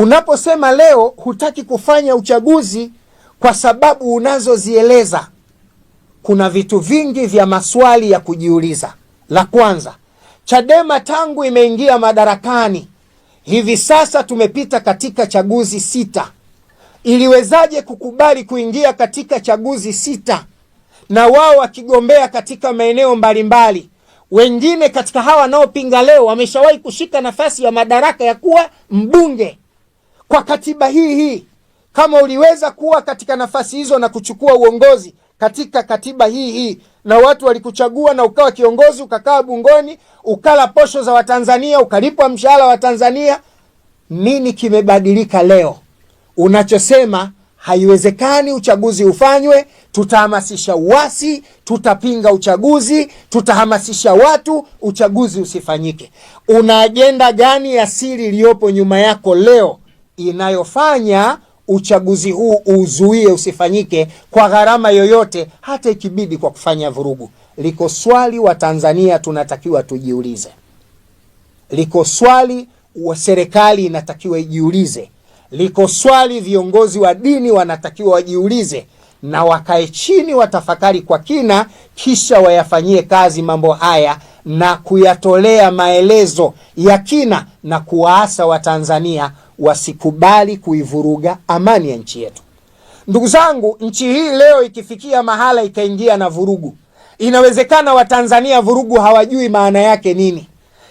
Unaposema leo hutaki kufanya uchaguzi kwa sababu unazozieleza, kuna vitu vingi vya maswali ya kujiuliza. La kwanza, Chadema tangu imeingia madarakani hivi sasa tumepita katika chaguzi sita, iliwezaje kukubali kuingia katika chaguzi sita na wao wakigombea katika maeneo mbalimbali? Wengine katika hawa wanaopinga leo wameshawahi kushika nafasi ya madaraka ya kuwa mbunge kwa katiba hii hii, kama uliweza kuwa katika nafasi hizo na kuchukua uongozi katika katiba hii hii, na watu walikuchagua na ukawa kiongozi, ukakaa bungoni, ukala posho za Watanzania, ukalipwa mshahara wa Tanzania, nini kimebadilika leo? Unachosema haiwezekani uchaguzi ufanywe, tutahamasisha uasi, tutapinga uchaguzi, tutahamasisha watu uchaguzi usifanyike. Una ajenda gani ya siri iliyopo nyuma yako leo inayofanya uchaguzi huu uzuie usifanyike kwa gharama yoyote, hata ikibidi kwa kufanya vurugu. Liko swali wa Tanzania tunatakiwa tujiulize, liko swali wa serikali inatakiwa ijiulize, liko swali viongozi wa dini wanatakiwa wajiulize na wakae chini watafakari kwa kina, kisha wayafanyie kazi mambo haya na kuyatolea maelezo ya kina na kuwaasa Watanzania wasikubali kuivuruga amani ya nchi yetu. Ndugu zangu, nchi hii leo ikifikia mahala ikaingia na vurugu, inawezekana Watanzania vurugu hawajui maana yake nini.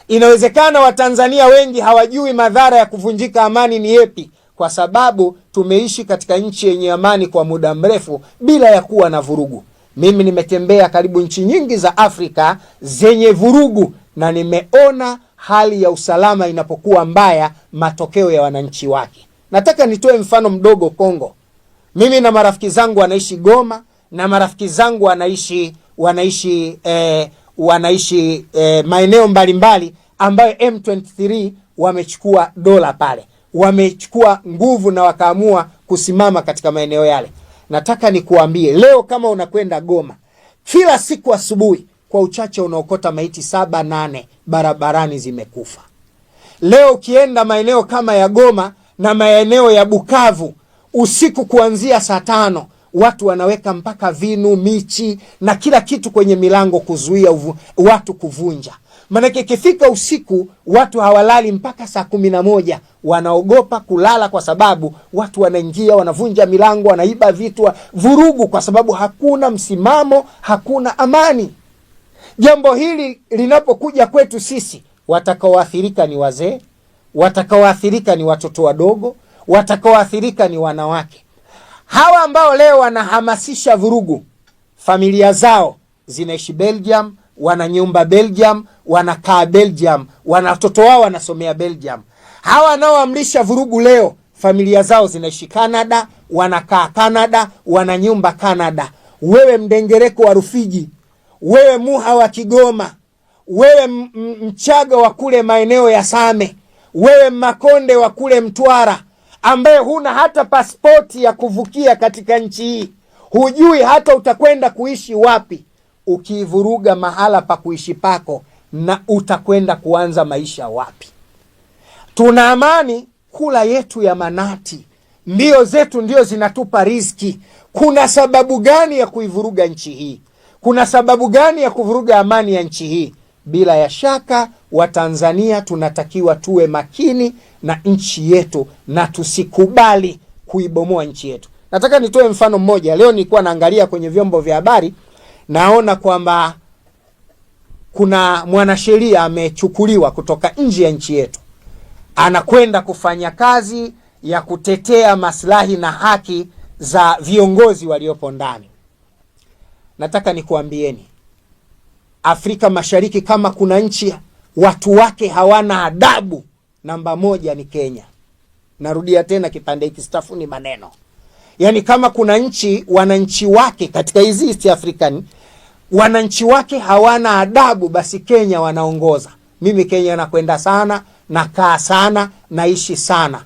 Inawezekana Watanzania wengi hawajui madhara ya kuvunjika amani ni yepi, kwa sababu tumeishi katika nchi yenye amani kwa muda mrefu bila ya kuwa na vurugu. Mimi nimetembea karibu nchi nyingi za Afrika zenye vurugu na nimeona hali ya usalama inapokuwa mbaya, matokeo ya wananchi wake. Nataka nitoe mfano mdogo Kongo. Mimi na marafiki zangu wanaishi Goma na marafiki zangu wanaishi wanaishi eh, wanaishi eh, maeneo mbalimbali ambayo M23 wamechukua dola pale, wamechukua nguvu na wakaamua kusimama katika maeneo yale. Nataka nikuambie leo, kama unakwenda Goma kila siku asubuhi kwa uchache unaokota maiti saba nane barabarani zimekufa. Leo ukienda maeneo kama ya Goma na maeneo ya Bukavu usiku kuanzia saa tano watu wanaweka mpaka vinu, michi na kila kitu kwenye milango kuzuia uvu, watu kuvunja. Manake ikifika usiku watu hawalali mpaka saa kumi na moja, wanaogopa kulala kwa sababu watu wanaingia wanavunja milango, wanaiba vitu, vurugu, kwa sababu hakuna msimamo, hakuna amani. Jambo hili linapokuja kwetu sisi, watakaoathirika ni wazee, watakaoathirika ni watoto wadogo, watakaoathirika ni wanawake. Hawa ambao leo wanahamasisha vurugu, familia zao zinaishi Belgium, wana nyumba Belgium, wanakaa Belgium, wana watoto wao wanasomea Belgium. Hawa wanaoamrisha vurugu leo, familia zao zinaishi Canada, wanakaa Canada, wana nyumba Canada. Wewe mdengereko wa Rufiji wewe Muha wa Kigoma, wewe Mchaga wa kule maeneo ya Same, wewe Makonde wa kule Mtwara, ambaye huna hata pasipoti ya kuvukia katika nchi hii, hujui hata utakwenda kuishi wapi, ukiivuruga mahala pa kuishi pako, na utakwenda kuanza maisha wapi? Tuna amani, kula yetu ya manati, mbio zetu ndio zinatupa riziki. Kuna sababu gani ya kuivuruga nchi hii? Kuna sababu gani ya kuvuruga amani ya nchi hii? Bila ya shaka Watanzania tunatakiwa tuwe makini na nchi yetu na tusikubali kuibomoa nchi yetu. Nataka nitoe mfano mmoja. Leo nilikuwa naangalia kwenye vyombo vya habari, naona kwamba kuna mwanasheria amechukuliwa kutoka nje ya nchi yetu, anakwenda kufanya kazi ya kutetea maslahi na haki za viongozi waliopo ndani. Nataka nikuambieni, Afrika Mashariki kama kuna nchi watu wake hawana adabu, namba moja ni Kenya. Narudia tena, kipande hiki stafuni maneno, yaani kama kuna nchi wananchi wake katika hizi East African wananchi wake hawana adabu, basi Kenya wanaongoza. Mimi Kenya nakwenda sana, nakaa sana, naishi sana.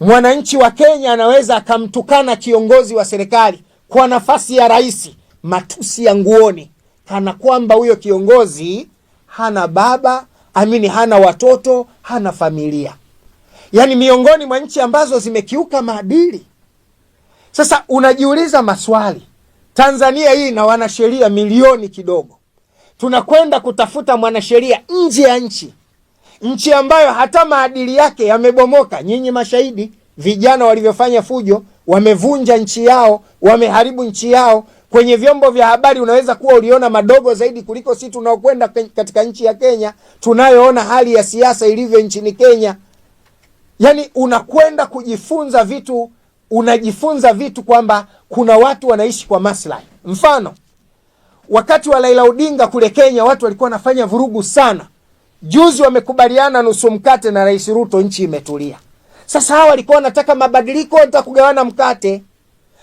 Mwananchi wa Kenya anaweza akamtukana kiongozi wa serikali kwa nafasi ya rais matusi ya nguoni, kana kwamba huyo kiongozi hana baba amini, hana watoto, hana familia. Yaani miongoni mwa nchi ambazo zimekiuka maadili. Sasa unajiuliza maswali. Tanzania hii na wanasheria milioni kidogo, tunakwenda kutafuta mwanasheria nje ya nchi, nchi ambayo hata maadili yake yamebomoka. Nyinyi mashahidi, vijana walivyofanya fujo, wamevunja nchi yao, wameharibu nchi yao, kwenye vyombo vya habari unaweza kuwa uliona madogo zaidi kuliko sisi tunaokwenda katika nchi ya Kenya, tunayoona hali ya siasa ilivyo nchini Kenya. Yani unakwenda kujifunza vitu, unajifunza vitu kwamba kuna watu wanaishi kwa maslahi. Mfano, wakati wa Raila Odinga kule Kenya watu walikuwa wanafanya vurugu sana. Juzi wamekubaliana nusu mkate na Rais Ruto, nchi imetulia. Sasa hawa walikuwa wanataka mabadiliko, wanataka kugawana mkate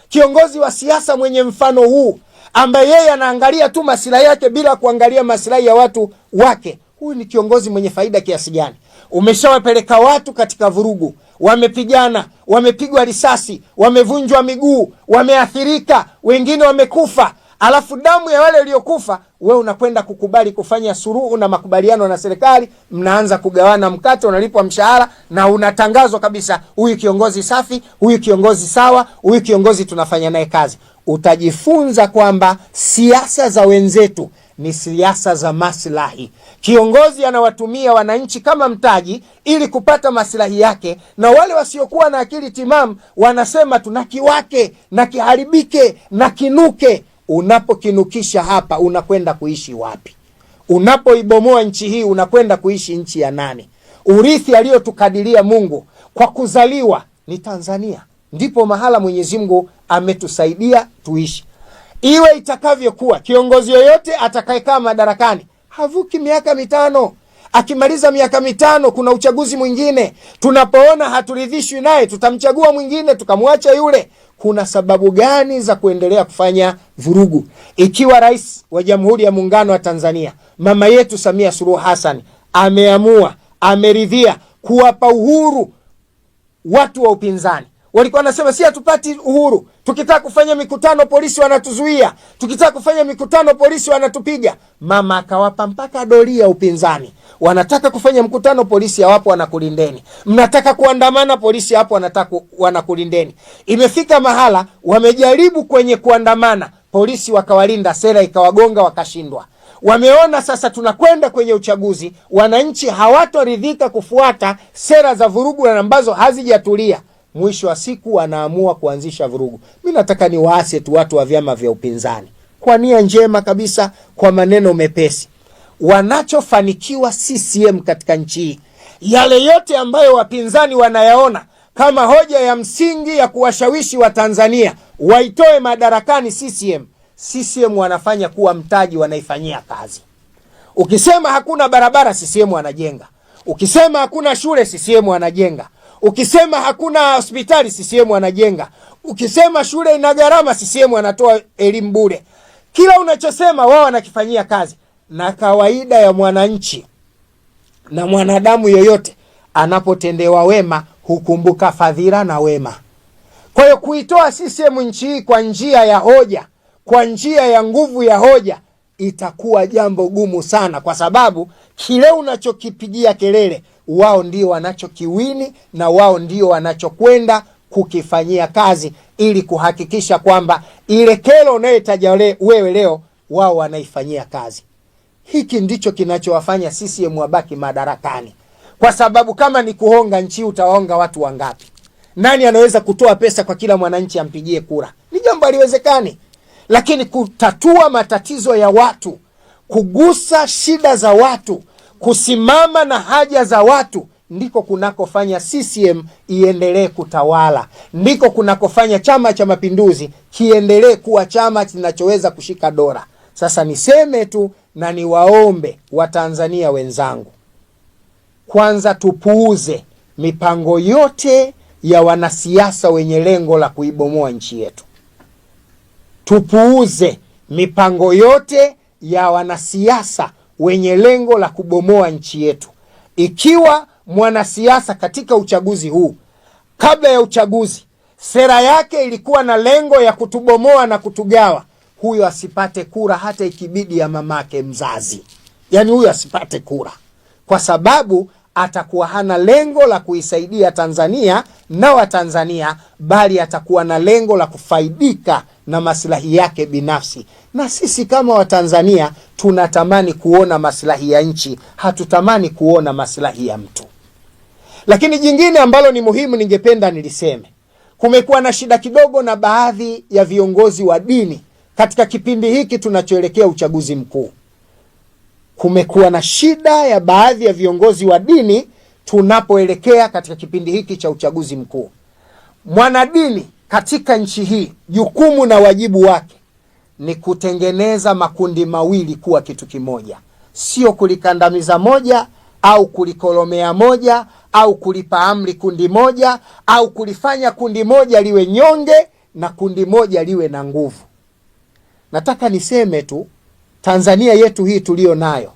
Kiongozi wa siasa mwenye mfano huu ambaye yeye anaangalia tu masilahi yake bila kuangalia masilahi ya watu wake, huyu ni kiongozi mwenye faida kiasi gani? Umeshawapeleka watu katika vurugu, wamepigana, wamepigwa risasi, wamevunjwa miguu, wameathirika, wengine wamekufa, alafu damu ya wale waliokufa, we unakwenda kukubali kufanya suruhu na makubaliano na serikali, mnaanza kugawana mkate, unalipwa mshahara na unatangazwa kabisa, huyu kiongozi safi, huyu kiongozi sawa, huyu kiongozi tunafanya naye kazi. Utajifunza kwamba siasa za wenzetu ni siasa za maslahi. Kiongozi anawatumia wananchi kama mtaji ili kupata maslahi yake, na wale wasiokuwa na akili timamu wanasema tuna kiwake na kiharibike na kinuke unapokinukisha hapa unakwenda kuishi wapi? Unapoibomoa nchi hii unakwenda kuishi nchi ya nani? Urithi aliyotukadiria Mungu kwa kuzaliwa ni Tanzania, ndipo mahala Mwenyezi Mungu ametusaidia tuishi. Iwe itakavyokuwa, kiongozi yoyote atakayekaa madarakani havuki miaka mitano. Akimaliza miaka mitano, kuna uchaguzi mwingine. Tunapoona haturidhishwi naye, tutamchagua mwingine, tukamwacha yule kuna sababu gani za kuendelea kufanya vurugu? Ikiwa rais wa Jamhuri ya Muungano wa Tanzania mama yetu Samia Suluhu Hassan ameamua, ameridhia kuwapa uhuru watu wa upinzani walikuwa wanasema si hatupati uhuru, tukitaka kufanya mikutano polisi wanatuzuia, tukitaka kufanya mikutano polisi wanatupiga. Mama akawapa mpaka doria upinzani, wanataka kufanya mkutano polisi hawapo wanakulindeni, mnataka kuandamana polisi hapo wanataka wanakulindeni. Imefika mahala wamejaribu kwenye kuandamana, polisi wakawalinda, sera ikawagonga, wakashindwa. Wameona sasa tunakwenda kwenye uchaguzi, wananchi hawatoridhika kufuata sera za vurugu ambazo hazijatulia mwisho wa siku wanaamua kuanzisha vurugu. mi nataka niwaase tu watu wa vyama vya upinzani kwa nia njema kabisa, kwa maneno mepesi. Wanachofanikiwa CCM katika nchi hii, yale yote ambayo wapinzani wanayaona kama hoja ya msingi ya kuwashawishi Watanzania waitoe madarakani CCM, CCM wanafanya kuwa mtaji, wanaifanyia kazi. Ukisema hakuna barabara, CCM wanajenga. Ukisema hakuna shule, CCM wanajenga. Ukisema hakuna hospitali, CCM anajenga. Ukisema shule ina gharama, CCM anatoa elimu bure. Kila unachosema wao wanakifanyia kazi, na kawaida ya mwananchi na mwanadamu yoyote anapotendewa wema hukumbuka fadhila na wema. Kwa hiyo kuitoa CCM nchi hii kwa njia ya hoja, kwa njia ya nguvu ya hoja itakuwa jambo gumu sana, kwa sababu kile unachokipigia kelele wao ndio wanachokiwini na wao ndio wanachokwenda kukifanyia kazi ili kuhakikisha kwamba ile kero unayotaja wewe leo wao wanaifanyia kazi. Hiki ndicho kinachowafanya CCM wabaki madarakani, kwa sababu kama ni kuhonga nchi, utawaonga watu wangapi? Nani anaweza kutoa pesa kwa kila mwananchi ampigie kura? Ni jambo haliwezekani. Lakini kutatua matatizo ya watu, kugusa shida za watu kusimama na haja za watu ndiko kunakofanya CCM iendelee kutawala, ndiko kunakofanya Chama cha Mapinduzi kiendelee kuwa chama kinachoweza kushika dola. Sasa niseme tu na niwaombe Watanzania wenzangu, kwanza tupuuze mipango yote ya wanasiasa wenye lengo la kuibomoa nchi yetu. Tupuuze mipango yote ya wanasiasa wenye lengo la kubomoa nchi yetu. Ikiwa mwanasiasa katika uchaguzi huu, kabla ya uchaguzi, sera yake ilikuwa na lengo ya kutubomoa na kutugawa, huyo asipate kura hata ikibidi ya mamake mzazi, yaani huyo asipate kura kwa sababu atakuwa hana lengo la kuisaidia Tanzania na Watanzania, bali atakuwa na lengo la kufaidika na maslahi yake binafsi. Na sisi kama Watanzania tunatamani kuona maslahi ya nchi, hatutamani kuona maslahi ya mtu. Lakini jingine ambalo ni muhimu, ningependa niliseme, kumekuwa na shida kidogo na baadhi ya viongozi wa dini katika kipindi hiki tunachoelekea uchaguzi mkuu kumekuwa na shida ya baadhi ya viongozi wa dini tunapoelekea katika kipindi hiki cha uchaguzi mkuu. Mwanadini katika nchi hii, jukumu na wajibu wake ni kutengeneza makundi mawili kuwa kitu kimoja, sio kulikandamiza moja au kulikolomea moja au kulipa amri kundi moja au kulifanya kundi moja liwe nyonge na kundi moja liwe na nguvu. Nataka niseme tu Tanzania yetu hii tuliyo nayo,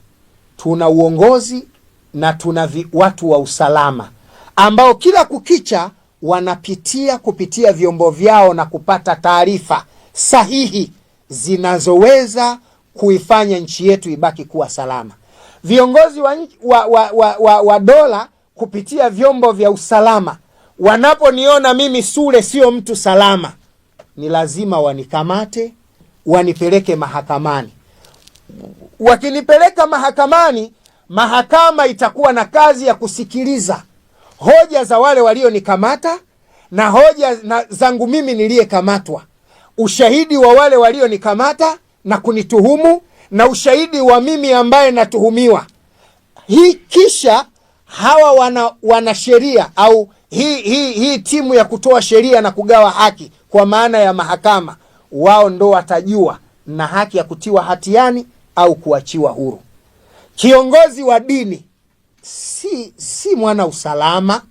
tuna uongozi na tuna watu wa usalama ambao kila kukicha wanapitia kupitia vyombo vyao na kupata taarifa sahihi zinazoweza kuifanya nchi yetu ibaki kuwa salama. Viongozi wa, wa, wa, wa, wa, wa dola kupitia vyombo vya usalama wanaponiona mimi Sule sio mtu salama, ni lazima wanikamate, wanipeleke mahakamani wakilipeleka mahakamani, mahakama itakuwa na kazi ya kusikiliza hoja za wale walionikamata na hoja na zangu mimi niliyekamatwa, ushahidi wa wale walionikamata na kunituhumu na ushahidi wa mimi ambaye natuhumiwa hii. Kisha hawa wana, wana sheria au hii hii hii timu ya kutoa sheria na kugawa haki kwa maana ya mahakama, wao ndo watajua na haki ya kutiwa hatiani au kuachiwa huru. Kiongozi wa dini si, si mwana usalama,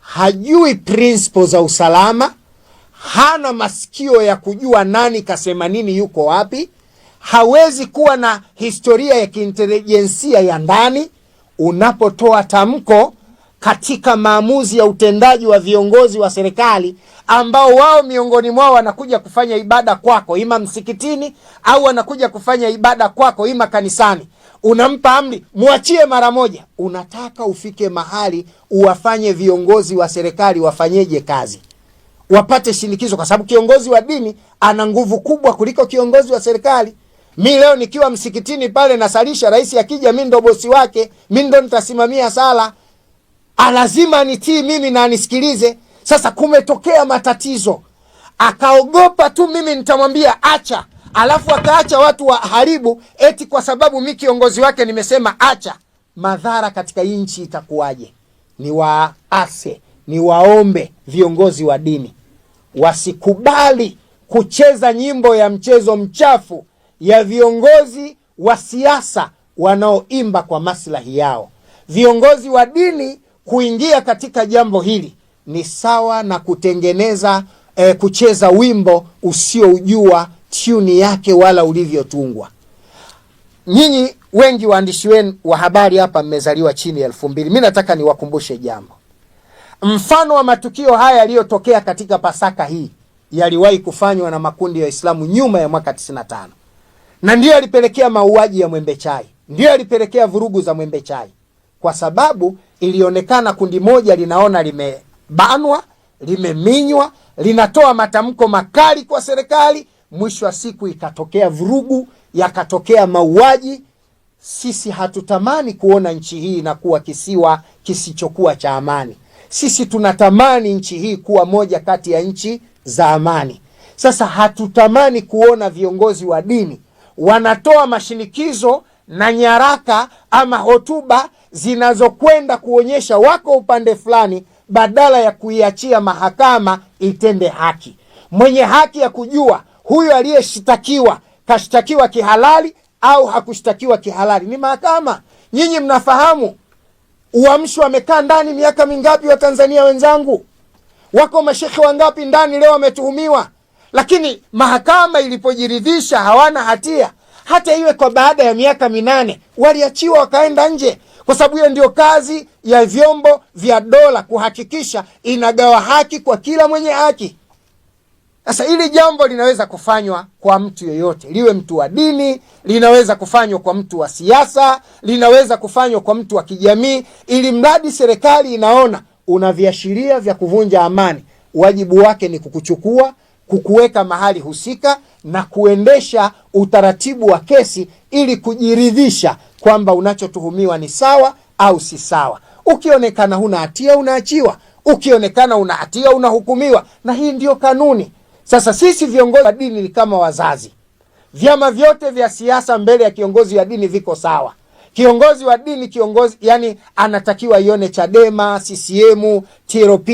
hajui principle za usalama, hana masikio ya kujua nani kasema nini, yuko wapi, hawezi kuwa na historia ya kiintelijensia ya ndani. Unapotoa tamko katika maamuzi ya utendaji wa viongozi wa serikali ambao wao miongoni mwao wanakuja kufanya ibada kwako, ima msikitini au wanakuja kufanya ibada kwako, ima kanisani. Unampa amri mwachie mara moja. Unataka ufike mahali uwafanye viongozi wa serikali wafanyeje kazi, wapate shinikizo, kwa sababu kiongozi wa dini ana nguvu kubwa kuliko kiongozi wa serikali. Mi leo nikiwa msikitini pale nasalisha, rais akija, mi ndo bosi wake, mi ndo nitasimamia sala Ah, lazima anitii mimi na anisikilize. Sasa kumetokea matatizo, akaogopa tu mimi nitamwambia acha, alafu akaacha watu waharibu, eti kwa sababu mi kiongozi wake nimesema acha. Madhara katika hii nchi itakuwaje? Ni waase, ni waombe viongozi wa dini wasikubali kucheza nyimbo ya mchezo mchafu ya viongozi wa siasa wanaoimba kwa maslahi yao. Viongozi wa dini kuingia katika jambo hili ni sawa na kutengeneza eh, kucheza wimbo usioujua tuni yake wala ulivyotungwa. Nyinyi wengi waandishi wenu wa habari hapa mmezaliwa chini ya elfu mbili. Mimi nataka niwakumbushe jambo. Mfano wa matukio haya yaliyotokea katika Pasaka hii yaliwahi kufanywa na makundi ya Waislamu nyuma ya mwaka 95 na ndiyo yalipelekea mauaji ya Mwembe Chai, ndiyo yalipelekea vurugu za Mwembe Chai kwa sababu ilionekana kundi moja linaona limebanwa, limeminywa, linatoa matamko makali kwa serikali. Mwisho wa siku ikatokea vurugu, yakatokea mauaji. Sisi hatutamani kuona nchi hii inakuwa kisiwa kisichokuwa cha amani. Sisi tunatamani nchi hii kuwa moja kati ya nchi za amani. Sasa hatutamani kuona viongozi wa dini wanatoa mashinikizo na nyaraka ama hotuba zinazokwenda kuonyesha wako upande fulani, badala ya kuiachia mahakama itende haki. Mwenye haki ya kujua huyo aliyeshtakiwa kashtakiwa kihalali au hakushtakiwa kihalali ni mahakama. Nyinyi mnafahamu Uamsho amekaa ndani miaka mingapi? Tanzania wenzangu, wako mashekhe wangapi ndani leo wametuhumiwa, lakini mahakama ilipojiridhisha hawana hatia hata iwe kwa baada ya miaka minane, waliachiwa wakaenda nje, kwa sababu hiyo ndio kazi ya vyombo vya dola kuhakikisha inagawa haki kwa kila mwenye haki. Sasa hili jambo linaweza kufanywa kwa mtu yoyote, liwe mtu wa dini, linaweza kufanywa kwa mtu wa siasa, linaweza kufanywa kwa mtu wa kijamii, ili mradi serikali inaona una viashiria vya kuvunja amani, wajibu wake ni kukuchukua, kukuweka mahali husika na kuendesha utaratibu wa kesi ili kujiridhisha kwamba unachotuhumiwa ni sawa au si sawa. Ukionekana huna hatia unaachiwa, ukionekana una hatia unahukumiwa, na hii ndiyo kanuni. Sasa sisi viongozi wa dini ni kama wazazi, vyama vyote vya siasa mbele ya kiongozi wa dini viko sawa. Kiongozi wa dini kiongozi, yani anatakiwa ione Chadema, CCM, TLP,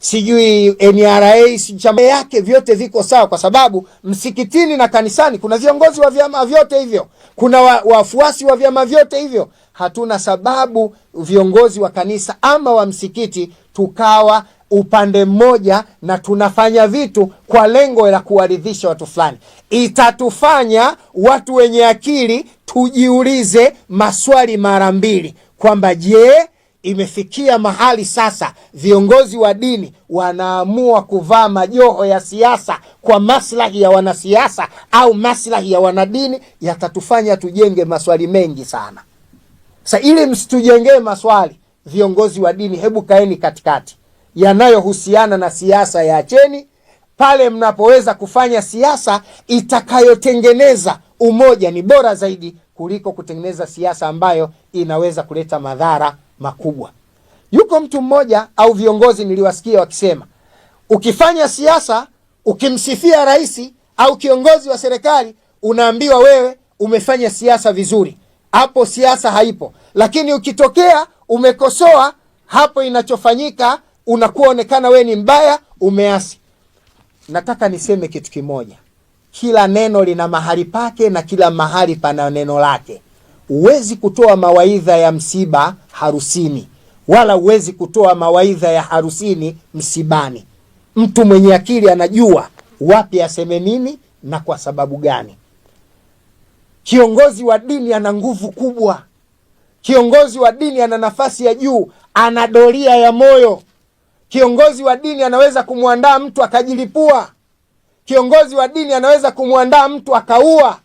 sijui NRA, chama yake vyote viko sawa, kwa sababu msikitini na kanisani kuna viongozi wa vyama vyote hivyo, kuna wafuasi wa, wa vyama vyote hivyo. Hatuna sababu viongozi wa kanisa ama wa msikiti tukawa upande mmoja na tunafanya vitu kwa lengo la kuwaridhisha watu fulani. Itatufanya watu wenye akili tujiulize maswali mara mbili kwamba je, imefikia mahali sasa viongozi wa dini wanaamua kuvaa majoho ya siasa kwa maslahi ya wanasiasa au maslahi ya wanadini? Yatatufanya tujenge maswali mengi sana. Sa ili msitujengee maswali, viongozi wa dini, hebu kaeni katikati. Yanayohusiana na siasa yaacheni, pale mnapoweza kufanya siasa itakayotengeneza umoja ni bora zaidi kuliko kutengeneza siasa ambayo inaweza kuleta madhara makubwa. Yuko mtu mmoja au viongozi niliwasikia wakisema, ukifanya siasa ukimsifia rais au kiongozi wa serikali unaambiwa wewe umefanya siasa vizuri, hapo siasa haipo. Lakini ukitokea umekosoa hapo, inachofanyika unakuwa onekana wewe ni mbaya, umeasi. Nataka niseme kitu kimoja. Kila neno lina mahali pake na kila mahali pana neno lake. Huwezi kutoa mawaidha ya msiba harusini, wala huwezi kutoa mawaidha ya harusini msibani. Mtu mwenye akili anajua wapi aseme nini na kwa sababu gani. Kiongozi wa dini ana nguvu kubwa. Kiongozi wa dini ana nafasi ya juu, ana doria ya moyo. Kiongozi wa dini anaweza kumwandaa mtu akajilipua. Kiongozi wa dini anaweza kumwandaa mtu akaua.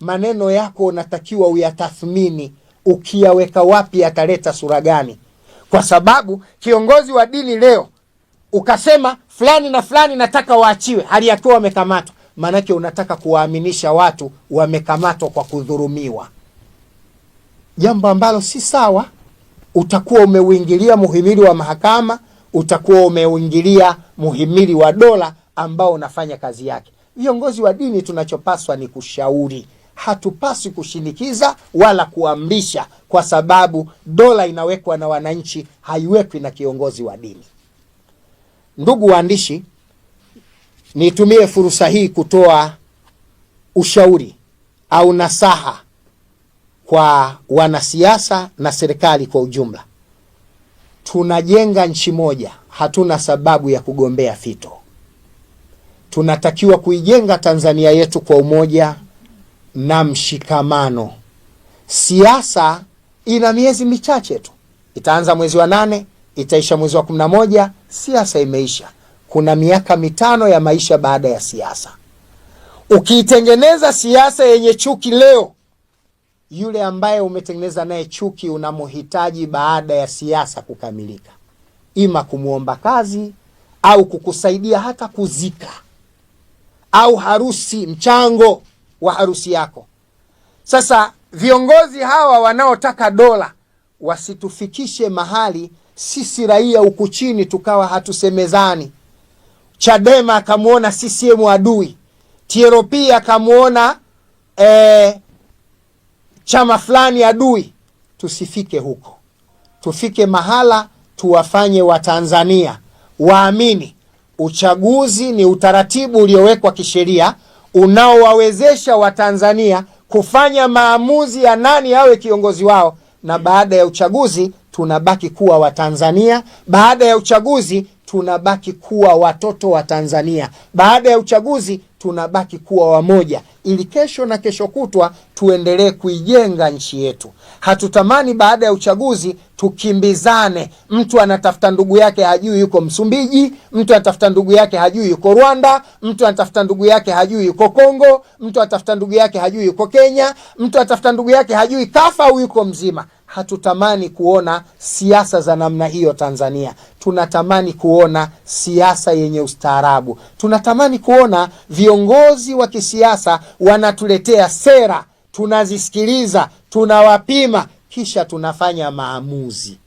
Maneno yako unatakiwa uyatathmini, ukiyaweka wapi yataleta sura gani? Kwa sababu kiongozi wa dini leo ukasema fulani na fulani nataka waachiwe, hali yakiwa wamekamatwa, maanake unataka kuwaaminisha watu wamekamatwa kwa kudhurumiwa, jambo ambalo si sawa. Utakuwa umeuingilia muhimili wa mahakama, utakuwa umeuingilia muhimili wa dola ambao unafanya kazi yake. Viongozi wa dini tunachopaswa ni kushauri, hatupaswi kushinikiza wala kuamrisha, kwa sababu dola inawekwa na wananchi, haiwekwi na kiongozi wa dini. Ndugu waandishi, nitumie fursa hii kutoa ushauri au nasaha kwa wanasiasa na serikali kwa ujumla. Tunajenga nchi moja, hatuna sababu ya kugombea fito tunatakiwa kuijenga Tanzania yetu kwa umoja na mshikamano. Siasa ina miezi michache tu, itaanza mwezi wa nane, itaisha mwezi wa kumi na moja. Siasa imeisha. Kuna miaka mitano ya maisha baada ya siasa. Ukiitengeneza siasa yenye chuki leo, yule ambaye umetengeneza naye chuki unamhitaji baada ya siasa kukamilika, ima kumwomba kazi au kukusaidia hata kuzika au harusi, mchango wa harusi yako. Sasa viongozi hawa wanaotaka dola wasitufikishe mahali sisi raia huku chini tukawa hatusemezani. Chadema akamwona CCM adui, TRP akamwona e, chama fulani adui. Tusifike huko, tufike mahala tuwafanye Watanzania waamini Uchaguzi ni utaratibu uliowekwa kisheria unaowawezesha Watanzania kufanya maamuzi ya nani awe kiongozi wao, na baada ya uchaguzi tunabaki kuwa Watanzania. Baada ya uchaguzi tunabaki kuwa watoto wa Tanzania. Baada ya uchaguzi tunabaki kuwa wamoja ili kesho na kesho kutwa tuendelee kuijenga nchi yetu. Hatutamani baada ya uchaguzi tukimbizane, mtu anatafuta ndugu yake hajui yuko Msumbiji, mtu anatafuta ndugu yake hajui yuko Rwanda, mtu anatafuta ndugu yake hajui yuko Kongo, mtu anatafuta ndugu yake hajui yuko Kenya, mtu anatafuta ndugu yake hajui kafa au yuko mzima hatutamani kuona siasa za namna hiyo Tanzania. Tunatamani kuona siasa yenye ustaarabu. Tunatamani kuona viongozi wa kisiasa wanatuletea sera, tunazisikiliza, tunawapima, kisha tunafanya maamuzi.